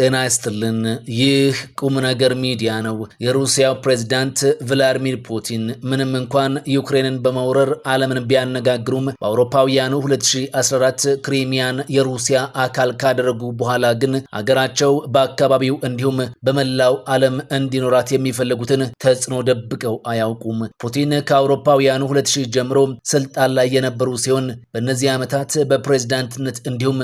ጤና ይስጥልን። ይህ ቁም ነገር ሚዲያ ነው። የሩሲያው ፕሬዝዳንት ቭላድሚር ፑቲን ምንም እንኳን ዩክሬንን በመውረር ዓለምን ቢያነጋግሩም በአውሮፓውያኑ 2014 ክሪሚያን የሩሲያ አካል ካደረጉ በኋላ ግን አገራቸው በአካባቢው እንዲሁም በመላው ዓለም እንዲኖራት የሚፈልጉትን ተጽዕኖ ደብቀው አያውቁም። ፑቲን ከአውሮፓውያኑ 2000 ጀምሮ ስልጣን ላይ የነበሩ ሲሆን በእነዚህ ዓመታት በፕሬዝዳንትነት እንዲሁም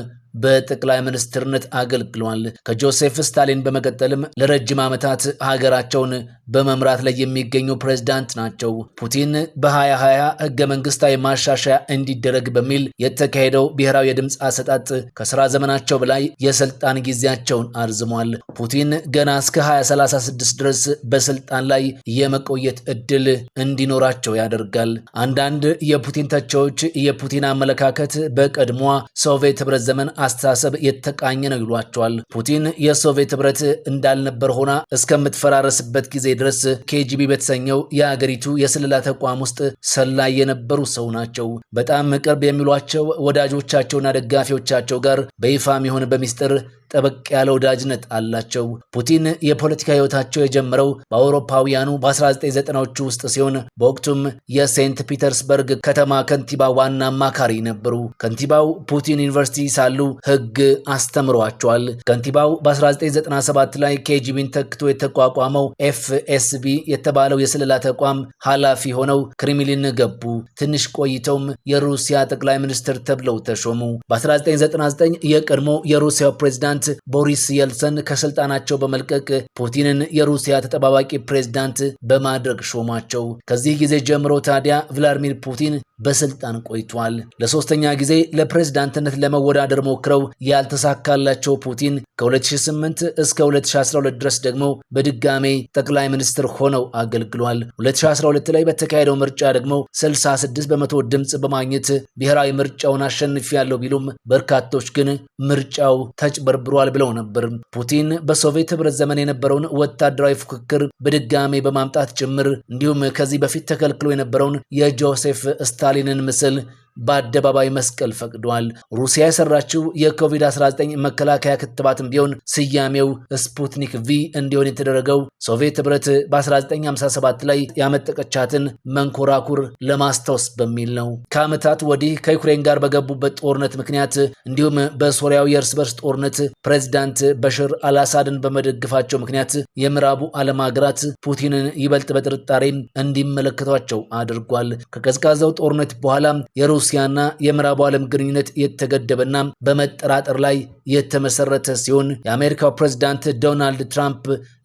በጠቅላይ ሚኒስትርነት አገልግሏል። ከጆሴፍ ስታሊን በመቀጠልም ለረጅም ዓመታት ሀገራቸውን በመምራት ላይ የሚገኙ ፕሬዝዳንት ናቸው። ፑቲን በ2020 ህገ መንግስታዊ ማሻሻያ እንዲደረግ በሚል የተካሄደው ብሔራዊ የድምፅ አሰጣጥ ከስራ ዘመናቸው በላይ የስልጣን ጊዜያቸውን አርዝሟል። ፑቲን ገና እስከ 2036 ድረስ በስልጣን ላይ የመቆየት እድል እንዲኖራቸው ያደርጋል። አንዳንድ የፑቲን ተቺዎች የፑቲን አመለካከት በቀድሞዋ ሶቪየት ህብረት ዘመን አስተሳሰብ የተቃኘ ነው ይሏቸዋል። ፑቲን የሶቪየት ህብረት እንዳልነበር ሆና እስከምትፈራረስበት ጊዜ ድረስ ኬጂቢ በተሰኘው የአገሪቱ የስለላ ተቋም ውስጥ ሰላይ የነበሩ ሰው ናቸው። በጣም ቅርብ የሚሏቸው ወዳጆቻቸውና ደጋፊዎቻቸው ጋር በይፋም ይሁን በሚስጥር ጠበቅ ያለ ወዳጅነት አላቸው። ፑቲን የፖለቲካ ህይወታቸው የጀመረው በአውሮፓውያኑ በ1990ዎቹ ውስጥ ሲሆን በወቅቱም የሴንት ፒተርስበርግ ከተማ ከንቲባ ዋና አማካሪ ነበሩ። ከንቲባው ፑቲን ዩኒቨርሲቲ ሳሉ ህግ አስተምሯቸዋል። ከንቲባው በ1997 ላይ ኬጂቢን ተክቶ የተቋቋመው ኤፍኤስቢ የተባለው የስለላ ተቋም ኃላፊ ሆነው ክሪምሊን ገቡ። ትንሽ ቆይተውም የሩሲያ ጠቅላይ ሚኒስትር ተብለው ተሾሙ። በ1999 የቀድሞ የሩሲያው ፕሬዚዳንት ፕሬዝዳንት ቦሪስ የልሰን ከስልጣናቸው በመልቀቅ ፑቲንን የሩሲያ ተጠባባቂ ፕሬዝዳንት በማድረግ ሾማቸው። ከዚህ ጊዜ ጀምሮ ታዲያ ቭላድሚር ፑቲን በስልጣን ቆይቷል። ለሶስተኛ ጊዜ ለፕሬዝዳንትነት ለመወዳደር ሞክረው ያልተሳካላቸው ፑቲን ከ2008 እስከ 2012 ድረስ ደግሞ በድጋሜ ጠቅላይ ሚኒስትር ሆነው አገልግሏል። 2012 ላይ በተካሄደው ምርጫ ደግሞ 66 በመቶ ድምፅ በማግኘት ብሔራዊ ምርጫውን አሸንፊያለሁ ቢሉም በርካቶች ግን ምርጫው ተጭበርብሯል ብለው ነበር። ፑቲን በሶቪየት ህብረት ዘመን የነበረውን ወታደራዊ ፉክክር በድጋሜ በማምጣት ጭምር እንዲሁም ከዚህ በፊት ተከልክሎ የነበረውን የጆሴፍ ስታ قالين مثل በአደባባይ መስቀል ፈቅደዋል። ሩሲያ የሰራችው የኮቪድ-19 መከላከያ ክትባትም ቢሆን ስያሜው ስፑትኒክ ቪ እንዲሆን የተደረገው ሶቪየት ህብረት በ1957 ላይ ያመጠቀቻትን መንኮራኩር ለማስታወስ በሚል ነው። ከዓመታት ወዲህ ከዩክሬን ጋር በገቡበት ጦርነት ምክንያት እንዲሁም በሶሪያው የእርስ በርስ ጦርነት ፕሬዚዳንት በሽር አልአሳድን በመደግፋቸው ምክንያት የምዕራቡ ዓለም ሀገራት ፑቲንን ይበልጥ በጥርጣሬ እንዲመለከቷቸው አድርጓል። ከቀዝቃዛው ጦርነት በኋላ የሩስ የሩሲያና የምዕራቡ ዓለም ግንኙነት የተገደበና በመጠራጠር ላይ የተመሰረተ ሲሆን የአሜሪካው ፕሬዚዳንት ዶናልድ ትራምፕ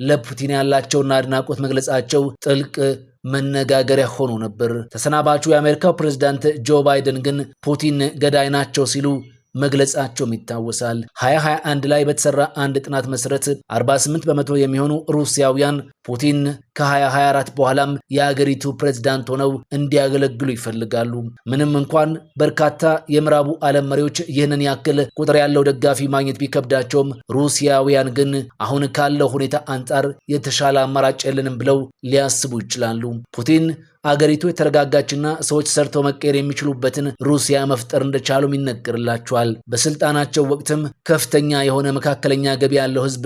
ለፑቲን ያላቸውና አድናቆት መግለጻቸው ጥልቅ መነጋገሪያ ሆኖ ነበር። ተሰናባቹ የአሜሪካው ፕሬዚዳንት ጆ ባይደን ግን ፑቲን ገዳይ ናቸው ሲሉ መግለጻቸውም ይታወሳል። 2021 ላይ በተሰራ አንድ ጥናት መሰረት 48 በመቶ የሚሆኑ ሩሲያውያን ፑቲን ከ2024 በኋላም የአገሪቱ ፕሬዝዳንት ሆነው እንዲያገለግሉ ይፈልጋሉ። ምንም እንኳን በርካታ የምዕራቡ ዓለም መሪዎች ይህንን ያክል ቁጥር ያለው ደጋፊ ማግኘት ቢከብዳቸውም ሩሲያውያን ግን አሁን ካለው ሁኔታ አንጻር የተሻለ አማራጭ የለንም ብለው ሊያስቡ ይችላሉ። ፑቲን አገሪቱ የተረጋጋችና ሰዎች ሰርተው መቀየር የሚችሉበትን ሩሲያ መፍጠር እንደቻሉም ይነገርላቸዋል። በስልጣናቸው ወቅትም ከፍተኛ የሆነ መካከለኛ ገቢ ያለው ህዝብ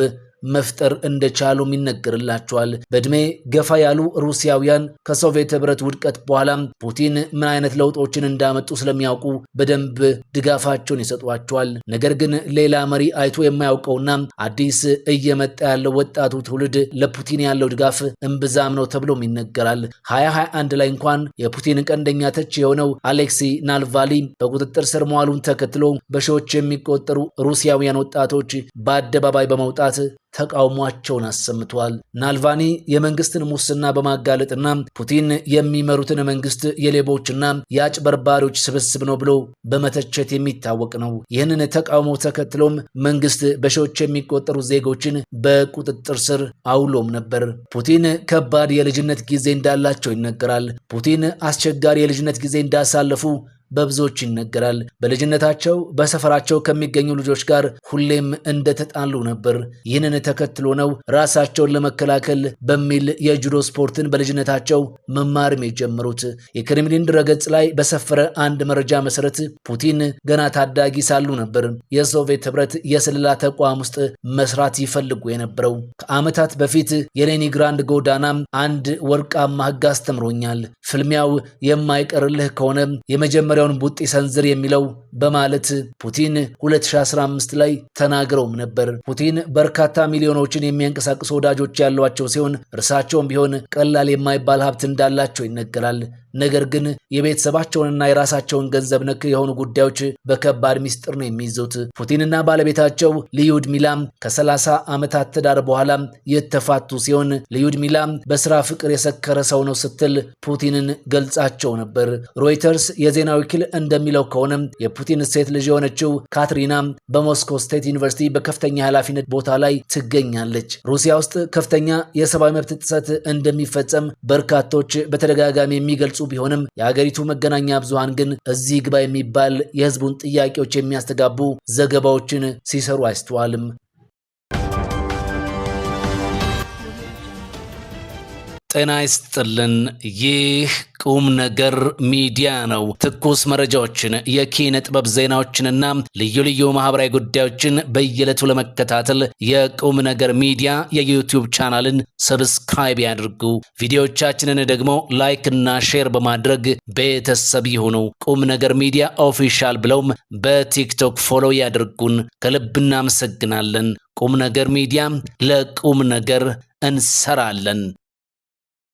መፍጠር እንደቻሉም ይነገርላቸዋል። በዕድሜ ገፋ ያሉ ሩሲያውያን ከሶቪየት ህብረት ውድቀት በኋላም ፑቲን ምን አይነት ለውጦችን እንዳመጡ ስለሚያውቁ በደንብ ድጋፋቸውን ይሰጧቸዋል። ነገር ግን ሌላ መሪ አይቶ የማያውቀውና አዲስ እየመጣ ያለው ወጣቱ ትውልድ ለፑቲን ያለው ድጋፍ እምብዛም ነው ተብሎም ይነገራል። 2021 ላይ እንኳን የፑቲን ቀንደኛ ተች የሆነው አሌክሲ ናልቫሊ በቁጥጥር ስር መዋሉን ተከትሎ በሺዎች የሚቆጠሩ ሩሲያውያን ወጣቶች በአደባባይ በመውጣት ተቃውሟቸውን አሰምተዋል። ናልቫኒ የመንግስትን ሙስና በማጋለጥና ፑቲን የሚመሩትን መንግስት የሌቦችና የአጭበርባሪዎች ስብስብ ነው ብሎ በመተቸት የሚታወቅ ነው። ይህንን ተቃውሞ ተከትሎም መንግስት በሺዎች የሚቆጠሩ ዜጎችን በቁጥጥር ስር አውሎም ነበር። ፑቲን ከባድ የልጅነት ጊዜ እንዳላቸው ይነገራል። ፑቲን አስቸጋሪ የልጅነት ጊዜ እንዳሳለፉ በብዙዎች ይነገራል። በልጅነታቸው በሰፈራቸው ከሚገኙ ልጆች ጋር ሁሌም እንደተጣሉ ነበር። ይህንን ተከትሎ ነው ራሳቸውን ለመከላከል በሚል የጁዶ ስፖርትን በልጅነታቸው መማርም የጀመሩት። የክሬምሊን ድረገጽ ላይ በሰፈረ አንድ መረጃ መሰረት ፑቲን ገና ታዳጊ ሳሉ ነበር የሶቪየት ህብረት የስለላ ተቋም ውስጥ መስራት ይፈልጉ የነበረው። ከዓመታት በፊት የሌኒግራንድ ጎዳናም አንድ ወርቃማ ህግ አስተምሮኛል። ፍልሚያው የማይቀርልህ ከሆነ የመጀመሪያ የመጀመሪያውን ቡጢ ሰንዝር የሚለው በማለት ፑቲን 2015 ላይ ተናግረውም ነበር። ፑቲን በርካታ ሚሊዮኖችን የሚያንቀሳቅሱ ወዳጆች ያሏቸው ሲሆን እርሳቸውም ቢሆን ቀላል የማይባል ሀብት እንዳላቸው ይነገራል። ነገር ግን የቤተሰባቸውንና የራሳቸውን ገንዘብ ነክ የሆኑ ጉዳዮች በከባድ ሚስጥር ነው የሚይዙት። ፑቲንና ባለቤታቸው ልዩድሚላ ከ30 ዓመታት ትዳር በኋላ የተፋቱ ሲሆን ልዩድሚላ በስራ ፍቅር የሰከረ ሰው ነው ስትል ፑቲንን ገልጻቸው ነበር። ሮይተርስ የዜና ወኪል እንደሚለው ከሆነ የፑቲን ሴት ልጅ የሆነችው ካትሪና በሞስኮ ስቴት ዩኒቨርሲቲ በከፍተኛ ኃላፊነት ቦታ ላይ ትገኛለች። ሩሲያ ውስጥ ከፍተኛ የሰብአዊ መብት ጥሰት እንደሚፈጸም በርካቶች በተደጋጋሚ የሚገልጹ የገለጹ ቢሆንም የሀገሪቱ መገናኛ ብዙሃን ግን እዚህ ግባ የሚባል የህዝቡን ጥያቄዎች የሚያስተጋቡ ዘገባዎችን ሲሰሩ አይስተዋልም። ጤና ይስጥልን። ይህ ቁም ነገር ሚዲያ ነው። ትኩስ መረጃዎችን፣ የኪነ ጥበብ ዜናዎችንና ልዩ ልዩ ማህበራዊ ጉዳዮችን በየዕለቱ ለመከታተል የቁም ነገር ሚዲያ የዩቲዩብ ቻናልን ሰብስክራይብ ያድርጉ። ቪዲዮዎቻችንን ደግሞ ላይክ እና ሼር በማድረግ ቤተሰብ ይሁኑ። ቁም ነገር ሚዲያ ኦፊሻል ብለውም በቲክቶክ ፎሎ ያድርጉን። ከልብ እናመሰግናለን። ቁም ነገር ሚዲያ ለቁም ነገር እንሰራለን።